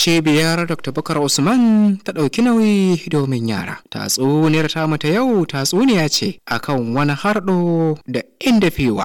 cibiyar dr Bakar usman ta ɗauki nauyi domin yara tatsuniyar ta mata yau tatsuniya ce a kan wani harɗo da inda fiwa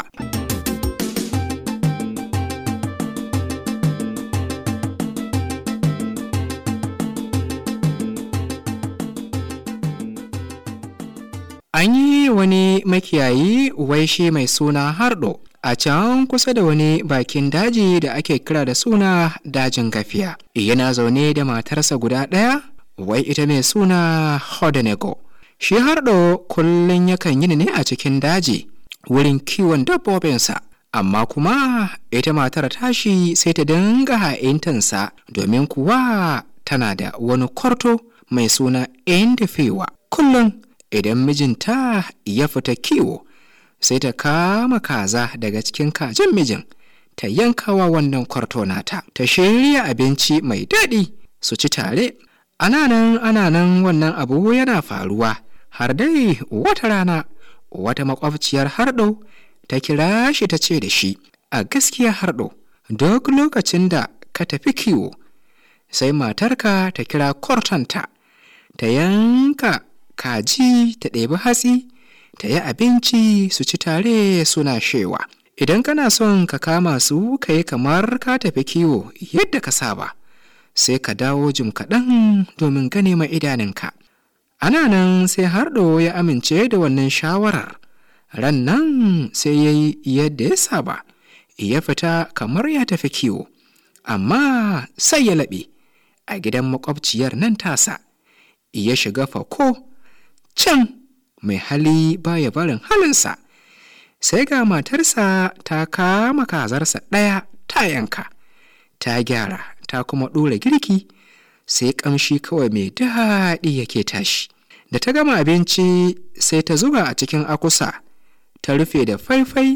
an yi wani makiyayi wai shi mai suna harɗo a can kusa da wani bakin daji da ake kira da suna dajin gafiya yana zaune da matarsa guda ɗaya wai ita mai suna hodenego shi harɗo kullum yakan yi ne a cikin daji wurin kiwon dabbobinsa amma kuma ita matar tashi sai ta dinga ha'intansa domin kuwa tana da wani kwarto mai suna indifewa kullum idan mijinta ya fita kiwo sai ta kama kaza daga cikin kajin mijin ta yankawa wannan kwarto nata ta shirya abinci mai daɗi su ci tare ananan ananan wannan abu yana faruwa har dai wata rana wata makwabciyar harɗo ta kira shi ta ce da shi a gaskiya harɗo duk lokacin da ka tafi kiwo sai matarka ta kira kwartonta ta yanka kaji ta ɗebi hatsi ta yi abinci su ci tare suna shewa idan kana son ka kama su ka yi kamar ka tafi kiwo yadda ka saba sai ka dawo jim kaɗan domin gane ma idaninka ana nan sai harɗo ya amince da wannan shawarar ran nan sai ya yi yadda ya saba ya fita kamar ya tafi kiwo amma sai ya laɓe a gidan makwabciyar nan tasa ya shiga fako can mai hali baya barin halinsa sai ga matarsa ta kama kazarsa ɗaya ta yanka ta gyara ta kuma ɗora girki sai ƙamshi kawai mai daɗi yake tashi da ta gama abinci sai ta zuba a cikin akusa ta rufe da faifai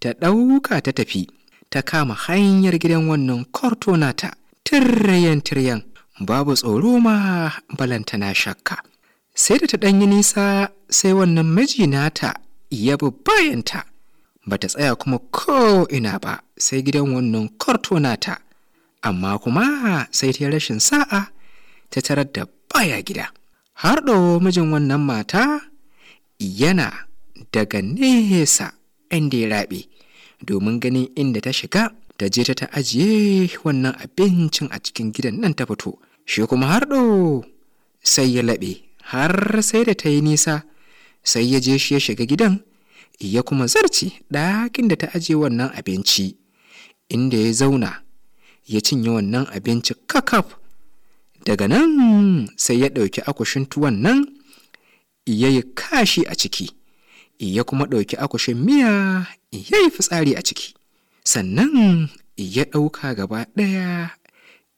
ta ɗauka ta tafi ta kama hanyar gidan wannan korto ta tirayen tiryan babu tsoro ma balantana shakka sai da ta ɗanyi nisa sai wannan miji nata ya bi bayanta ba ta tsaya kuma ko'ina ba sai gidan wannan kwarto nata amma kuma sai ta rashin sa'a ta tarar da baya gida har da mijin wannan mata yana daga nesa inda ya raɓe domin ganin inda ta shiga ta je ta ta ajiye wannan abincin a cikin gidan nan ta fito shi kuma har sai ya laɓe har sai da ta yi nisa sai ya je shi ya shiga gidan ya kuma zarce ɗakin da ta aje wannan abinci inda ya zauna ya cinye wannan abinci kakaf daga nan sai ya ɗauki akushin tuwon nan ya yi kashi a ciki ya kuma ɗauki akushin miya ya yi fitsari a ciki sannan ya ɗauka gaba ɗaya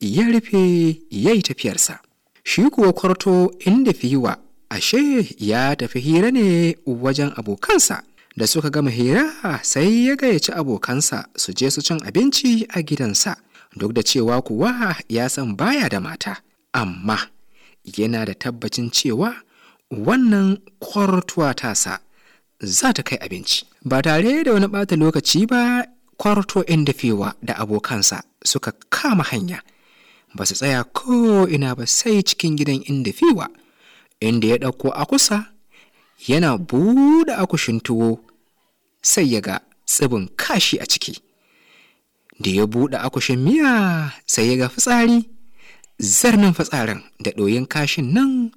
ya rufe ya yi tafiyarsa shi kuwa kwarto inda fiwa ashe ya tafi hira ne wajen abokansa da suka gama hira sai ya gayyaci abokansa su je su cin abinci a gidansa duk da cewa kuwa ya san baya da mata amma yana da tabbacin cewa wannan kwartuwa tasa za ta kai abinci ba tare da wani ɓata lokaci ba kwarto inda fiwa da abokansa suka kama hanya ba su tsaya ko'ina ba sai cikin gidan inda fiwa inda ya ɗauko a kusa yana buɗe akushin tuwo sai ya ga tsibin kashi a ciki da ya buɗe akushin miya sai ya ga fitsari zarnin fitsarin da ɗoyin kashin nan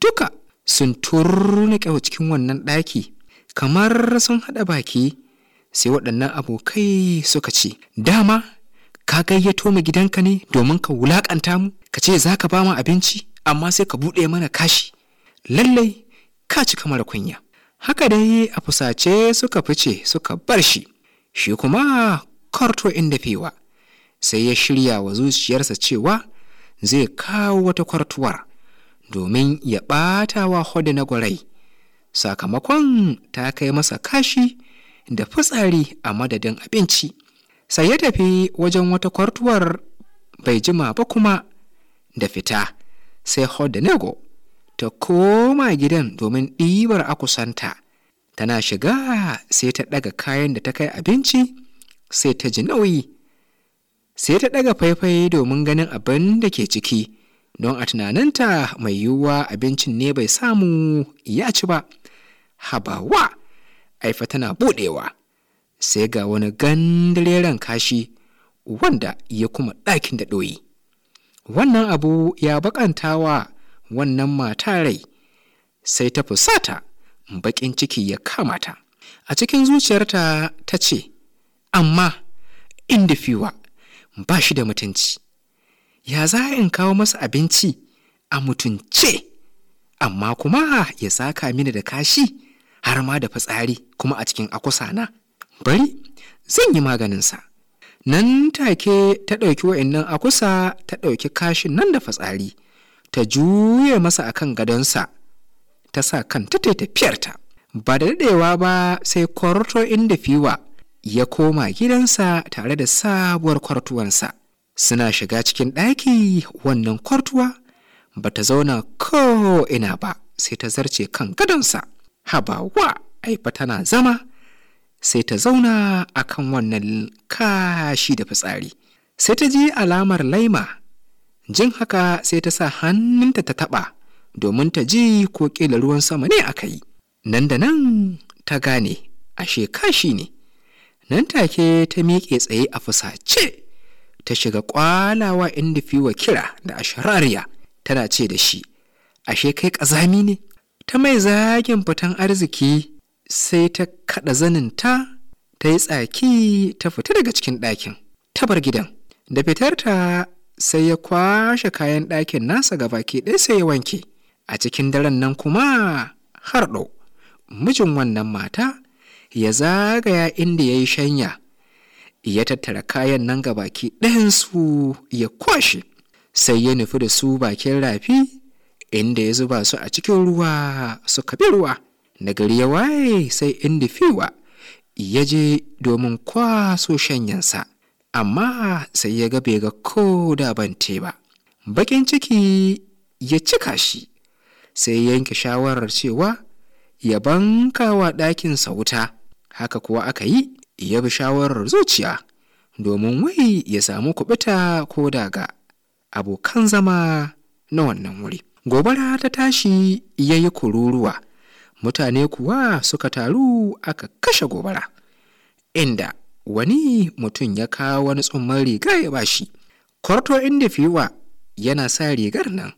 duka sun turnuƙe cikin wannan ɗaki kamar sun haɗa baki sai waɗannan abokai suka ce dama ka gayyato mu gidanka ne domin ka wulaƙanta mu ka ce za ka ba mu abinci amma sai ka buɗe mana kashi lallai ka cika mara kunya haka dai a fusace suka fice suka bar shi shi kuma karto inda fewa sai ya shirya wa zuciyarsa cewa zai kawo wata kwartuwar domin ya ɓata wa hudu na gwarai sakamakon ta kai masa kashi da fitsari a madadin abinci sai ya tafi wajen wata kwartuwar bai jima ba kuma da fita sai hodenego ta koma gidan domin ɗibar akusanta tana shiga sai ta ɗaga kayan da ta kai abinci sai ta ji nauyi sai ta ɗaga faifai domin ganin abin da ke ciki don a tunaninta mai yiwuwa abincin ne bai samu ya ci ba habawa aifa tana buɗewa sai ga wani gandireren kashi wanda ya kuma ɗakin da ɗoyi wannan abu ya bakanta wa wannan mata rai sai ta fusata baƙin ciki ya kamata a cikin zuciyarta ta ce amma inda fiwa ba shi da mutunci ya za in kawo masa abinci a mutunce amma kuma ya saka mini da kashi har ma da fitsari kuma a cikin akusana bari zan yi maganinsa nan take ta ɗauki wa'annan a kusa ta ɗauki kashin nan da fatsari ta juye masa a kan gadonsa ta sa kanta ta tafiyarta ba da daɗewa ba sai kwarto inda fiwa ya koma gidansa tare da sabuwar kwartuwansa suna shiga cikin ɗaki wannan kwartuwa ba ta zauna ko ina ba sai ta zarce kan gadonsa habawa aifa tana zama sai ta zauna a kan wannan kashi da fitsari sai ta ji alamar laima jin haka sai ta sa hannunta ta taɓa domin ta ji ko ƙila ruwan sama ne aka yi nan da nan ta gane ashe kashi ne nan take ta miƙe tsaye a fusace ta shiga ƙwalawa inda fiwa kira da ashirariya, tana ce da shi ashe kai ƙazami ne ta mai zagin fitan arziki sai ta kaɗa zaninta ta yi tsaki ta fita daga cikin ɗakin ta bar gidan da fitarta sai ya kwashe kayan ɗakin nasa ga baki ɗaya sai ya wanke a cikin daren nan kuma harɗo mijin wannan mata ya zagaya inda ya yi shanya ya tattara kayan nan ga baki ɗayansu ya kwashe sai ya nufi da su bakin rafi inda ya zuba su a cikin ruwa suka bi ruwa Nagari ya waye sai fiwa ya je domin kwaso shanyansa amma sai ya gabe ga ko da bante ba bakin ciki ya cika shi sai yanke shawarar cewa ya banka wa ɗakinsa wuta haka kuwa aka yi ya bi shawarar zuciya domin wai ya samu kubita ko daga abokan zama na wannan wuri gobara ta tashi ya yi kururuwa mutane kuwa suka taru aka kashe gobara inda wani mutum ya kawo wani tsumman riga ya ba shi kwarto inda fiwa yana sa rigar nan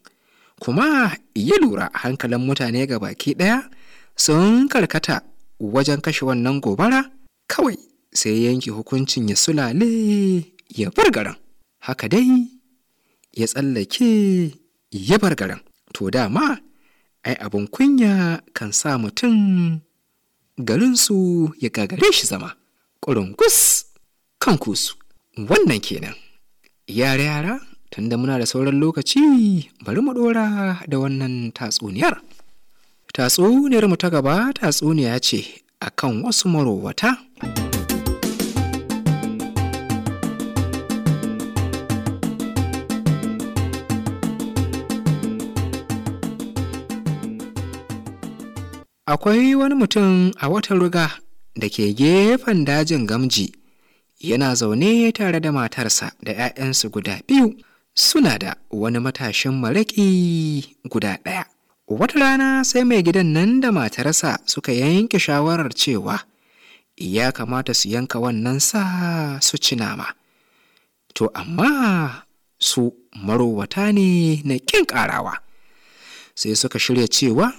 kuma ya lura hankalin mutane ga baki ɗaya sun karkata wajen kashe wannan gobara kawai sai yanki hukuncin ya sulale ya bar garin haka dai ya tsallake ya bar garin to dama ai abin kunya kan sa mutum garinsu ya gagare shi zama ƙurungus kan kusu wannan kenan yara yara tunda muna da sauran lokaci bari mu ɗora da wannan tatsuniyar tatsuniyar mu ta gaba tatsuniya ce akan wasu marowata. akwai wani mutum a wata ruga da ke gefen dajin gamji yana zaune tare da matarsa da 'ya'yansu guda biyu suna da wani matashin maraƙi guda ɗaya wata rana sai mai gidan nan da matarsa suka yanke shawarar cewa ya kamata su yanka wannan sa su ci nama to amma su marowata ne na ƙin ƙarawa sai suka shirya cewa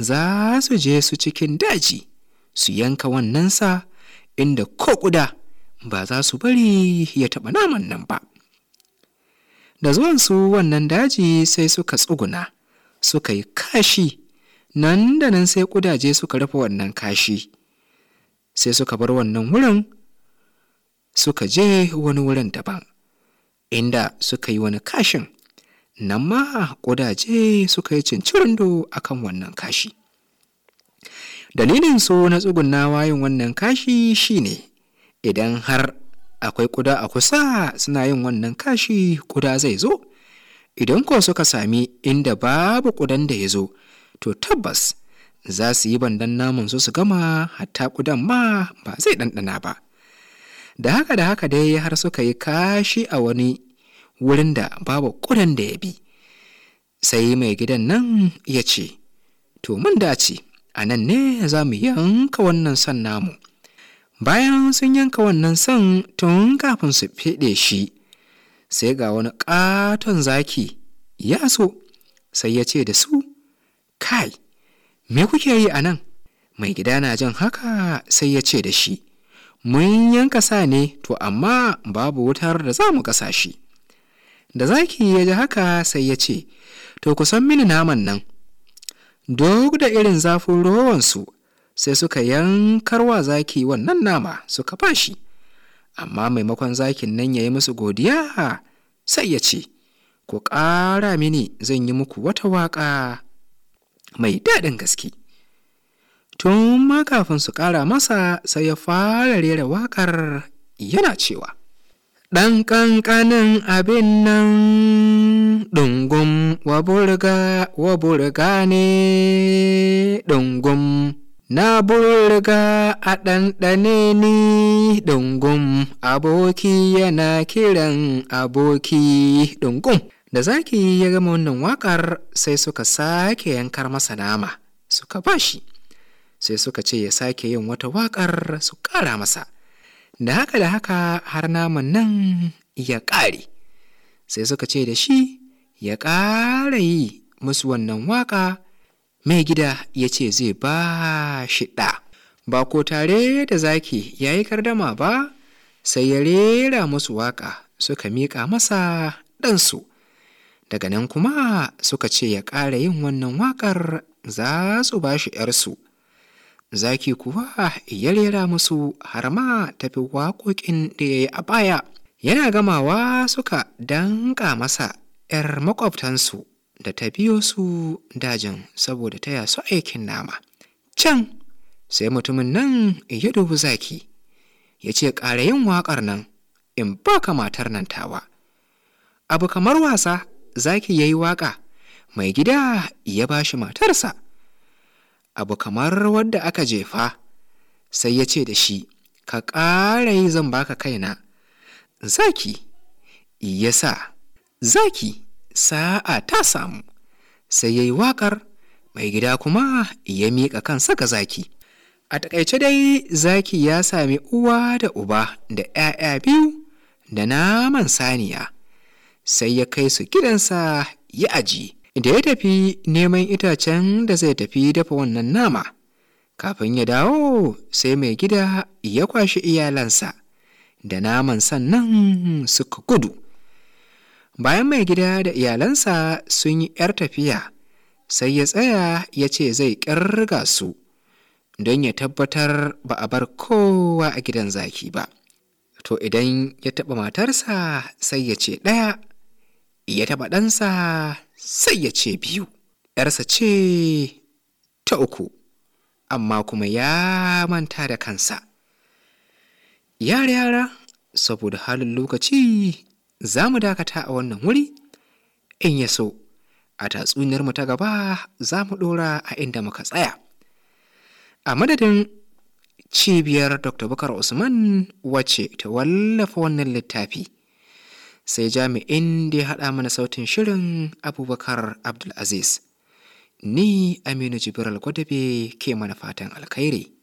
za su je su cikin daji su yanka wannan sa inda ko ƙuda ba za su bari ya taɓa naman nan ba da zuwansu wannan daji sai suka tsuguna suka yi kashi nan da nan sai ƙudaje suka rufe wannan kashi sai suka bar wannan wurin suka je wani wurin daban inda suka yi wani kashin nan ma ƙudaje suka yi cincirindo a kan wannan kashi dalilin so na tsugunnawa yin wannan kashi shine idan har akwai ƙuda a kusa suna yin wannan kashi ƙuda zai zo idan ko suka sami inda babu ƙudan da ya zo to tabbas za su yi bandan namun su su gama hatta ƙudan ma ba zai ɗanɗana ba da haka da haka dai har suka yi kashi a wani wurin da babu ƙudan da ya bi sai mai gidan nan ya ce to mun dace a nan ne za mu yanka wannan son namu bayan sun yanka wannan son tun kafin su feɗe shi sai ga wani ƙaton zaki ya so sai ya ce da su kai me kuke yi a nan mai gida na jan haka sai ya ce da shi mun yanka sa ne to amma babu wutar da za mu ƙasa shi da zaki ya ji haka sai ya ce to ku san mini naman nan duk da irin zafin rowansu sai suka yankar wa zaki wannan nama suka shi amma maimakon zakin nan ya yi musu godiya sai ya ce ku ƙara mini zan yi muku wata waƙa mai daɗin gaske tun ma kafin su ƙara masa sai ya fara rera waƙar yana cewa ɗan ƙanƙanin abin nan ɗungun wa burga ne ɗungun na burga a ɗanɗane ni ɗungun aboki yana kiran aboki ɗungun da zaki ya gama wannan waƙar sai suka sake yankar masa nama suka bashi sai suka ce ya sake yin wata waƙar su ƙara masa da haka da haka har naman nan ya ƙare sai suka ce da shi ya ƙara yi musu wannan waƙa mai gida ya ce zai ba shi ɗa ba ko tare da zaki ya yi kardama ba sai ya rera musu waƙa suka miƙa masa ɗansu daga nan kuma suka ce ya ƙara yin wannan waƙar za su ba shi ‘yarsu zaki kuwa ya rera musu harma tafi waƙoƙin da ya yi a baya yana gamawa suka danƙa masa 'yar maƙwabtansu da ta biyo su dajin saboda taya su aikin nama can sai mutumin nan ya dubi zaki ya ce ƙara yin waƙar nan in ba ka matar nan tawa abu kamar wasa zaki ya yi waƙa mai gida ya ba shi matarsa abu kamar wadda aka jefa sai ya ce da shi ka ƙara yi zan baka kaina zaki ya sa zaki sa'a ta samu sai ya yi waƙar mai gida kuma ya miƙa kansa ga zaki a taƙaice dai zaki ya sami uwa da uba da 'ya'ya biyu da naman saniya sai ya kai su gidansa ya ajiye da ya tafi neman itacen da zai tafi dafa wannan nama kafin ya dawo sai mai gida ya kwashi iyalansa da naman sannan suka gudu bayan mai gida da iyalansa sun yi 'yar tafiya sai ya tsaya ya ce zai ƙirga su don ya tabbatar ba a bar kowa a gidan zaki ba to idan ya taɓa matarsa sai ya ce ɗaya ya taɓa ɗansa sai ya ce biyu ‘yarsa ce ta uku amma kuma ya manta da kansa yara yara saboda halin lokaci za mu dakata a wannan wuri in ya so a tatsuniyarmu ta gaba za mu ɗora a inda muka tsaya a madadin cibiyar dr bukar usman wacce ta wallafa wannan littafi sai jami'in da ya haɗa mana sautin shirin abubakar abdulaziz ni aminu jibiral gwadabe ke mana fatan alkhairi